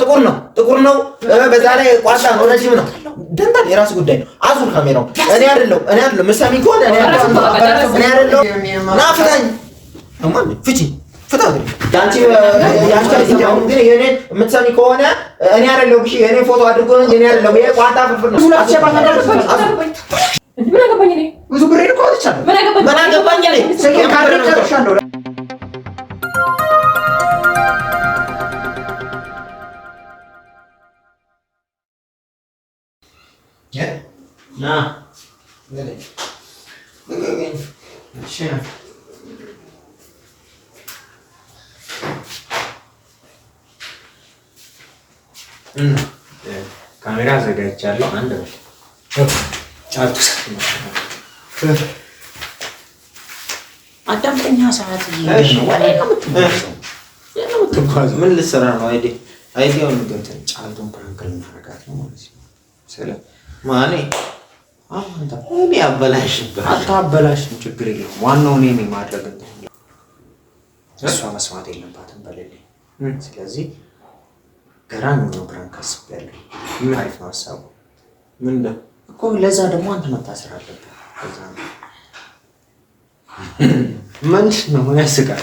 ካሜራው ጥቁር ነው፣ ጥቁር ነው። በዛ ላይ ቋጣ ነው፣ ረጅም ነው። ደንታል የራስ ጉዳይ ነው። አዙር ካሜራው እኔ አይደለሁ እኔ አይደለሁ ምሳሚ ከሆነ እኔ አይደለሁ ና ፍታኝ፣ ፍቺ የኔ ከሆነ እኔ አይደለሁ የኔ ፎቶ አድርጎ ነው እኔ አይደለሁ ነው። ምን አገባኝ እኔ ምን አገባኝ እኔ ካሜራ አዘጋጅቻለሁ። አንድ ጫቱ አዳምጠኛ ሰዓት ምን ልስራ ነው? አይዲያውን ገብተን ጫልቱን ፕራንክ ልናረጋት ነው ማለት ነው። ማኔ እኔ አበላሽብህ። አታበላሽም፣ ችግር የለም። ዋናው እኔ ነኝ ማድረግ። እሷ መስማት የለባትም በሌሌ። ስለዚህ ገራሚ ነው። ግራን ካስቤያለሁ። አሪፍ ነው ሀሳቡ። ምን እኮ ለዛ ደግሞ አንተ መታሰር አለብህ። ምን ነው ያስቃል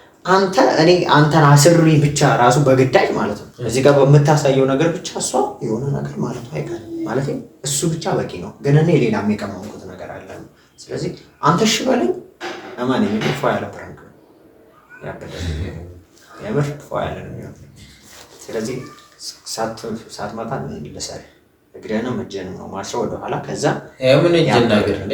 አንተ እኔ አንተን አስሪ ብቻ ራሱ በግዳጅ ማለት ነው። እዚህ ጋር በምታሳየው ነገር ብቻ እሷ የሆነ ነገር ማለት አይቀር ማለት እሱ ብቻ በቂ ነው። ግን እኔ ሌላ የቀመምኩት ነገር አለ። ስለዚህ አንተ እሺ በለኝ። እመን የሚጥፎ ያለ ፕራንክ የምር ፎ ያለ ነው። ስለዚህ ሳትመጣ ልሰር እግርህንም እጅህንም ነው ማስረው ወደኋላ ከዛ ምን እጅ ነገር እንደ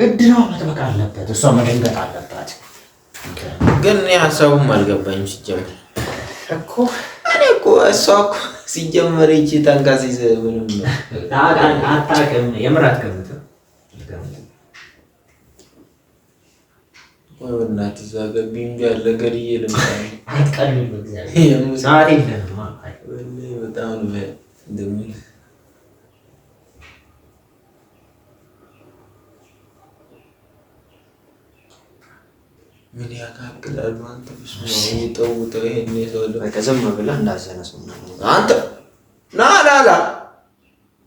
ግድነው መጥበቅ አለበት፣ እሷ መደንገጥ አለባት። ግን ያ ሰውም አልገባኝም ሲጀምር እኮ እኔ እኮ እሷ እኮ ሲጀመር ይቺ ጠንካሴ ምንም አታውቅም። የምር አትገምትም። ወይ በእናትህ እዛ ገቢ እንጂ አለ ገድዬ ልምጣ አይቀልም። በጣም ነው ምን ያካክላሉ? አንተ ተውተው ይሄን ሰው ዝም ብለህ እንዳዘነ ሰው አንተ ና ላላ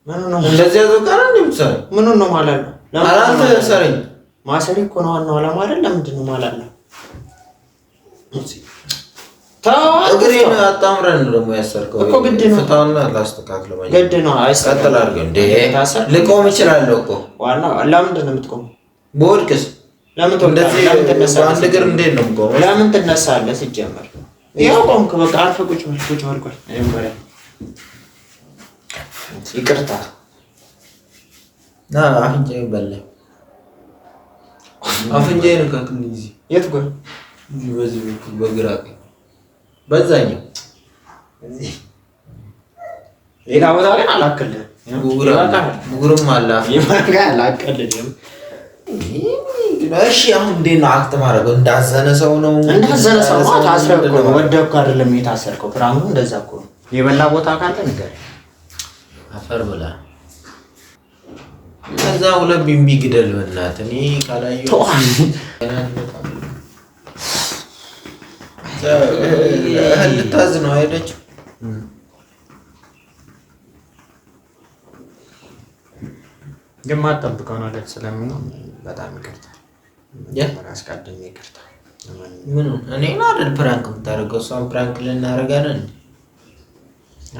ምን ነው እንደዚህ ያዘው ጋር ነው ምን ነው ማለት ነው? አላንተ ሰረኝ ማሰሪ እኮ ነው ዋናው ዓላማ አይደል? ለምንድን ነው ማለት ነው? እግሬን አጣምረን ነው ደግሞ ያሰርከው እኮ ግድ ነው። ፍታውና ላስተካክለው ግድ ነው። አይስተካከላል። ልቆም እኮ ዋናው ለምንድን ነው ለምን አንድ እግር እንዴት ነው የምቆመው? ለምን ትነሳለህ? ሲጀመር ያው ቆምክ፣ በቃ አርፈህ ቁጭ በል ቁጭ በል። ቆይ ይቅርታ ና አፍንጫዬን በላኝ። አፍንጫዬን እንካክ እንደዚህ። የት ጎን? በዚህ በኩል በግራ በዛኛው ሌላ ቦታ ላይ አላከልህም። ጉጉርም አለ አላከልህም እሺ አሁን እንዴት ነው አክት ማድረገው? እንዳዘነ ሰው ነው እንዳዘነ ሰው ነው። ወደኩ አይደለም የታሰርከው። እንደዛ እኮ ነው። የበላ ቦታ ካለ አፈር ብላ ከዛ ሁለት ቢምቢ ግደል። በእናትህ እኔ ካላየሁ ልታዝ ነው ግን ማጠብቀው ነው ስለሚሆን በጣም ይቅርታ አስቀድሜ ይቅርታ። ምን እኔን አይደል ፕራንክ የምታደርገው? እሷን ፕራንክ ልናደርጋለን።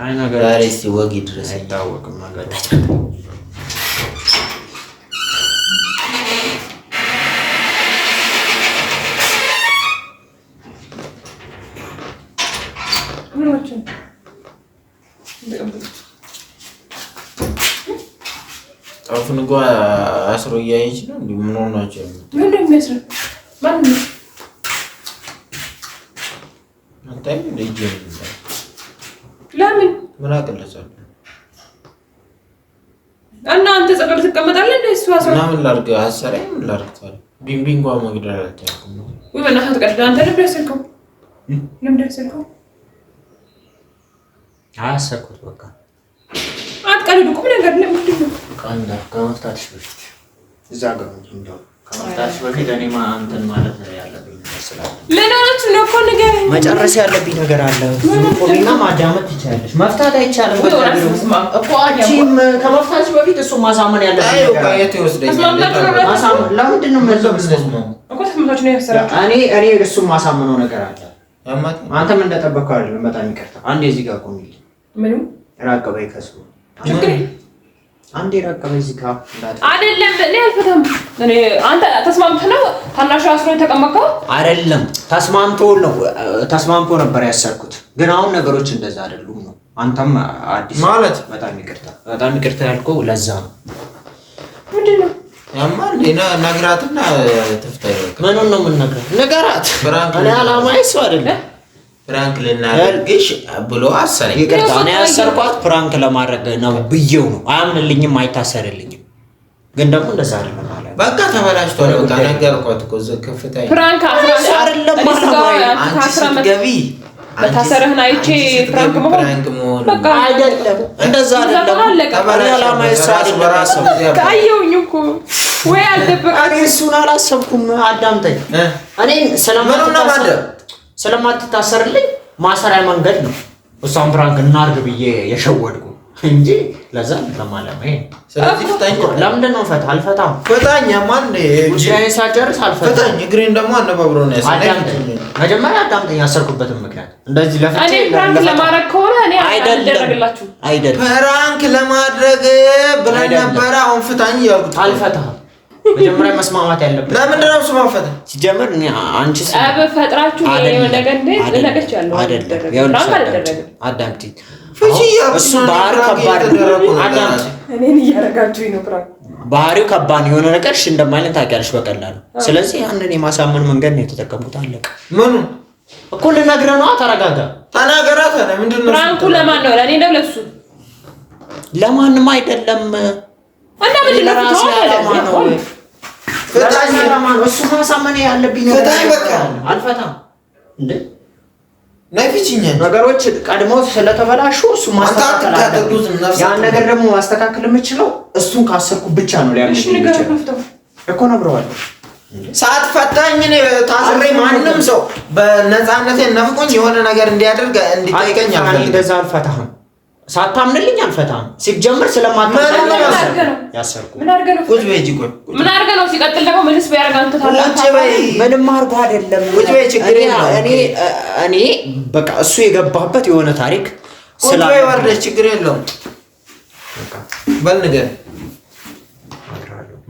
አይ ነገር ዛሬ እስኪ ወግ ድረስ አይታወቅም ጠፉን አስሮ እያየች ነው። እንዲ ምን ሆናቸው? ለምን ምን አቅለሳለሁ እና አንተ እሱ ምን ምን ቢንቢንጓ መግደል አልቻልኩም ወይ? በእናትህ ቀልድ አንተ ልብ ያሰልከው ልብድ ያሰልከው አሰልኩት። በቃ አትቀልድ ምን ነገር ለምንድን ነው? ከመፍታትሽ በፊት እዛ ጋር እንደው ከመፍታትሽ በፊት እኔ እንትን ማለት ነው ያለብኝ ነገር መጨረስ ያለብኝ ነገር አለ። ቆሚና ማዳመጥ ትችያለሽ። መፍታት አይቻልም ከመፍታትሽ በፊት እሱ ማሳመን ያለብኝ ነው? እኔ እሱን ማሳምነው ነገር አለ። አንተም እንደጠበቅከው አይደለም። በጣም ይቅርታ። አንዴ እዚህ ጋር ቆሚ። ምንም ራቀበይ በይ ከሱ አንዴ ራቅ በይ እዚህ ጋር አይደለም። እኔ አልፈተም። እኔ አንተ ተስማምተህ ነው ታናሽ አስሮ የተቀመጠው አይደለም። ተስማምቶ ነው ተስማምቶ ነበር ያሰርኩት፣ ግን አሁን ነገሮች እንደዛ አይደሉም ነው። አንተም አዲስ ማለት በጣም ይቅርታ፣ በጣም ይቅርታ ያልከው ለዛ ነው። ምንድን ነው ያማ ነግራትና ትፍታ ይበቃ። ምኑን ነው የምንነግራት? ንገራት። እኔ አላማ እሱ አይደለም ፕራንክ ልናደርግሽ ብሎ አሰረኝ። ይቅርታ እኔ ያሰርኳት ፕራንክ ለማድረግ ነው ብዬው ነው። አያምንልኝም፣ አይታሰርልኝም። ግን ደግሞ እንደዛ አለ በቃ ተበላሽቶ ነው። በቃ ነገርኳት እኮ ከፍታ ፕራንክ ገቢ አይቼ መሆን አይደለም፣ እንደዛ እኮ ወይ አልደበቃ እሱን አላሰብኩም። እኔ ስለማትታሰርልኝ ማሰሪያ መንገድ ነው እሷን ፕራንክ እናርግ ብዬ የሸወድኩ እንጂ ለዛ ለማለመ ለምንድን ነው ፈታ? አልፈታም። ማን ጉዳይ ሳጨርስ እግሬን ደግሞ አነባብሮ መጀመሪያ አዳምጠኝ። ያሰርኩበትን ምክንያት እንደዚህ ለፍቼ ለማድረግ ከሆነ እኔ አይደለም ፕራንክ ለማድረግ ነበረ። አሁን ፍታኝ እያልኩት አልፈታም መጀመሪያ መስማማት ያለበት ለምንድን ነው? ስማፈተ ማፈተ ሲጀምር አንቺ አበ ፈጥራችሁ የሆነ ነገር እንደ ባህሪው ከባድ የሆነ ነገር እሺ እንደማይለን ታውቂያለሽ በቀላሉ። ስለዚህ አንድን የማሳመን መንገድ ነው የተጠቀምኩት። አለቀ። ምኑ እኮ ልነግረህ ነዋ። ተረጋጋ። ተናገራት። ምንድን ነው ፍራንኩ? ለማን ነው? ለእኔ ነው? ለሱ ለማንም አይደለም። እና ምንድን ነው እሱ ማሳመን ያለብኝ አልፈታም እንዴ ነፊችኛል ነገሮች ቀድሞ ስለተበላሹ እሱ ያን ነገር ደግሞ ማስተካከል የምችለው እሱን ካሰርኩ ብቻ ነው። ሊያልሽ እኮ ነግረዋለሁ። ሰዓት ፈታኝ ታስሬ ማንም ሰው በነፃነት ነፍቆኝ የሆነ ነገር እንዲያደርግ እንዲጠይቀኝ አልፈታህም ሳታምንልኝ አልፈታም። ሲጀምር ስለማታምንልኝ ያሰርኩህ ምን ምንም አድርጎህ አይደለም። እኔ በቃ እሱ የገባበት የሆነ ታሪክ ስላወርደህ ችግር የለውም። በል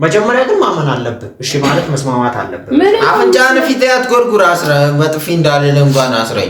መጀመሪያ ግን ማመን አለብህ። እሺ ማለት መስማማት አለብህ። አፍንጫህን ፊት ላይ አትጎርጉር። በጥፊ እንዳልልህ እንኳን አስረኝ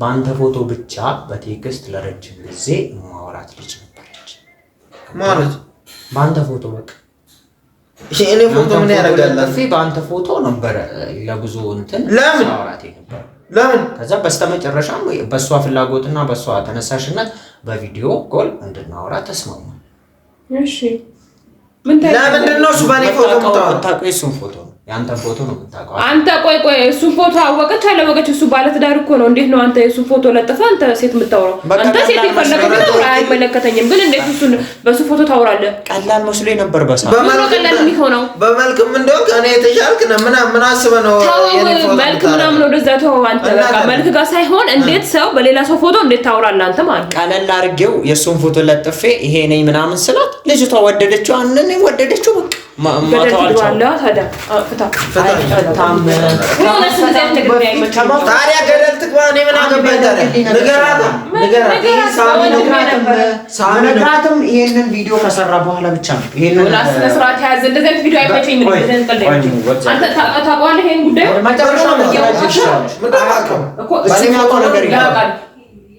በአንተ ፎቶ ብቻ በቴክስት ለረጅም ጊዜ ማውራት ልጅ ነበረች ማለት በአንተ ፎቶ በቃ እኔ ፎቶ ምን ያደርጋል? በአንተ ፎቶ ነበረ ለጉዞ እንትን ለምን ለምን? ከዛ በስተመጨረሻም በእሷ ፍላጎትና በእሷ ተነሳሽነት በቪዲዮ ኮል እንድናወራ ተስማማ። እሺ፣ ምን ታዲያ ለምንድን ነው እሱ በእኔ ፎቶ የምታወራው? የሱን ፎቶ ነው ያንተ ፎቶ ነው የምታውቀው አንተ። ቆይ ቆይ እሱ ፎቶ አወቀች አላወቀች? እሱ ባለትዳር እኮ ነው። እንዴት ነው አንተ የሱ ፎቶ ለጥፈ አንተ ሴት የምታወራው? አንተ ሴት የፈለከው ነው። አይመለከተኝም፣ ግን እንዴት እሱ በሱ ፎቶ ታወራለህ? ቀላል መስሎ ነበር። በሳ በመልክ ቀላል የሚሆነው በመልክም እንደው ከኔ የተሻልክ ነው። ምን ምን አስበህ ነው? ተው መልክ ምናምን ወደዛ ተው። አንተ በቃ መልክ ጋር ሳይሆን እንዴት ሰው በሌላ ሰው ፎቶ እንዴት ታወራለህ አንተ ማለት። ቀለል አድርጌው የሱን ፎቶ ለጥፌ ይሄ ነኝ ምናምን ስላት ልጅቷ ወደደችው፣ አንን ወደደችው። ታዲያ ገደል ትግባ። እኔ ምን አገባኝ? ንገራትም። ይሄንን ቪዲዮ ከሰራ በኋላ ብቻ ነው ይሄንን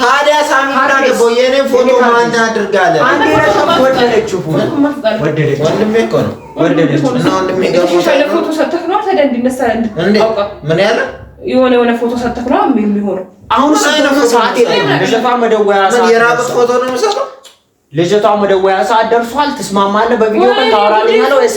ታዲያ ሳሚና ደቦ የኔ ፎቶ ማን ያድርጋለ? ምን ያለ የሆነ የሆነ ፎቶ ነው የሚሆነው። አሁን ልጅቷ መደወያ ሰዓት ደርሷል። ትስማማለህ? በቪዲዮ ወይስ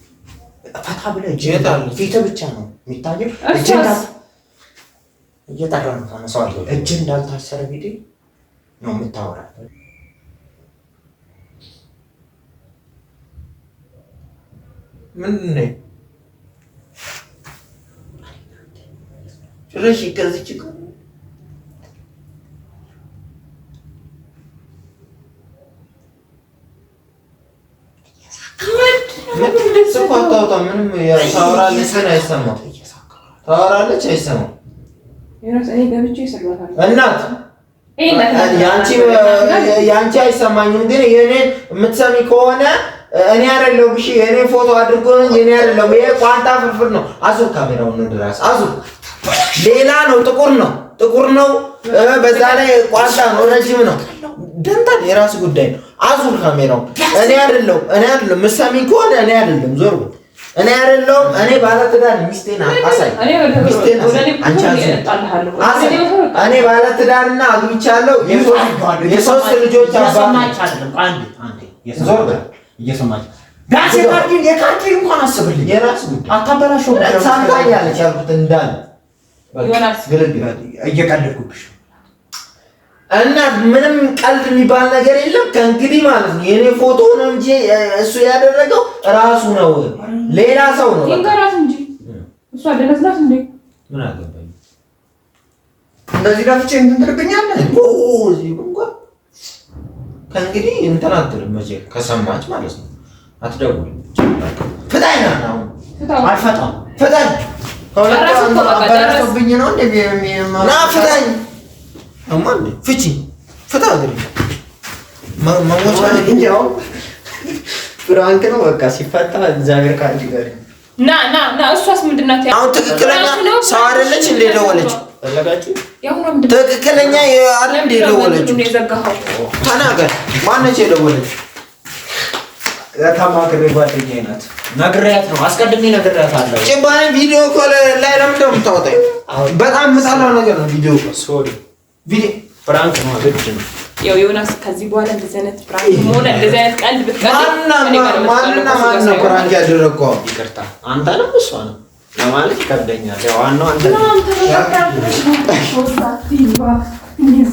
ፈታ ብለ ፊት ብቻ ነው የሚታየው። እየጠራ ነው ታነሳዋል። እጅ እንዳልታሰረ ጊዜ ነው የምታወራ ምንድን ነው ጭራሽ ከዚች ምንም ታወራለች፣ ግን አይሰማም። ታወራለች፣ አይሰማም። እናት የአንቺ አይሰማኝም፣ ግን የእኔን የምትሰሚ ከሆነ እኔ አይደለሁም። የእኔ ፎቶ አድርጎ የእኔ አይደለሁም። ይሄ ቋንጣ ፍርፍር ነው። አዙር ካሜራውን ድረስ አዙር። ሌላ ነው፣ ጥቁር ነው፣ ጥቁር ነው። በዛ ላይ ቋንጣ ነው፣ ረጅም ነው። ደንታል የራስ ጉዳይ ነው። አዙር ካሜራውን እኔ አይደለሁም፣ እኔ አይደለሁም። የምትሰሚ ከሆነ እኔ አይደለሁም። ዞር እኔ አይደለሁም። እኔ ባለትዳር ሚስቴን አሳይ፣ ሚስቴን እኔ ባለትዳርና አግብቻለሁ። የሶስት ልጆች የካርኪን እንኳን አስብልኝ። የራስ አታበላሽው። ሳታያለች ያልኩት እንዳለ እየቀለድኩብሽ እና ምንም ቀልድ የሚባል ነገር የለም ከእንግዲህ ማለት ነው። የኔ ፎቶ ነው እንጂ እሱ ያደረገው ራሱ ነው፣ ሌላ ሰው ነው እንጂ እሱ እንዴ? ምን አገባኝ። እንደዚህ ጋፍቼ እንትን ትርብኛለህ። ከእንግዲህ እንትን አትልም መቼ ከሰማች ማለት ነው። አትደውልም። ፍታኝ ነው አልፈታም። ፍታኝ ከሁለት ነው እንደሚና ፍታኝ አማን ፍቺ ፍታ እንግዲህ ፍራንክ ነው በቃ ሲፈታ እግዚአብሔር ካንቺ ጋር ና ና ና። እሷስ ምንድን ናት? አሁን ትክክለኛ ሰው አይደለች እንዴ ደወለች? ትክክለኛ አይደል እንዴ ደወለች? ተናገር። ማነች የደወለች? ተማክሬ ጓደኛዬ ናት። ነግሬያት ነው አስቀድሜ ነግሬያታለሁ። ጭባኔ ቪዲዮ ኮል ላይ ለምንድን ነው የምታወጣኝ? በጣም የምጣላው ነገር ነው ቪዲዮ ኮል ፕራንክ ነው አይደል? ያው ዮናስ ከዚህ በኋላ እንደዚህ አይነት ፕራንክ ሆነ እንደዚህ አይነት ቀልድ ብትቀልድ ፕራንክ ያደረገው ይቅርታ፣ አንተ ነው እሷ ነው ለማለት ይከብደኛል። ያው ዋናው አንተ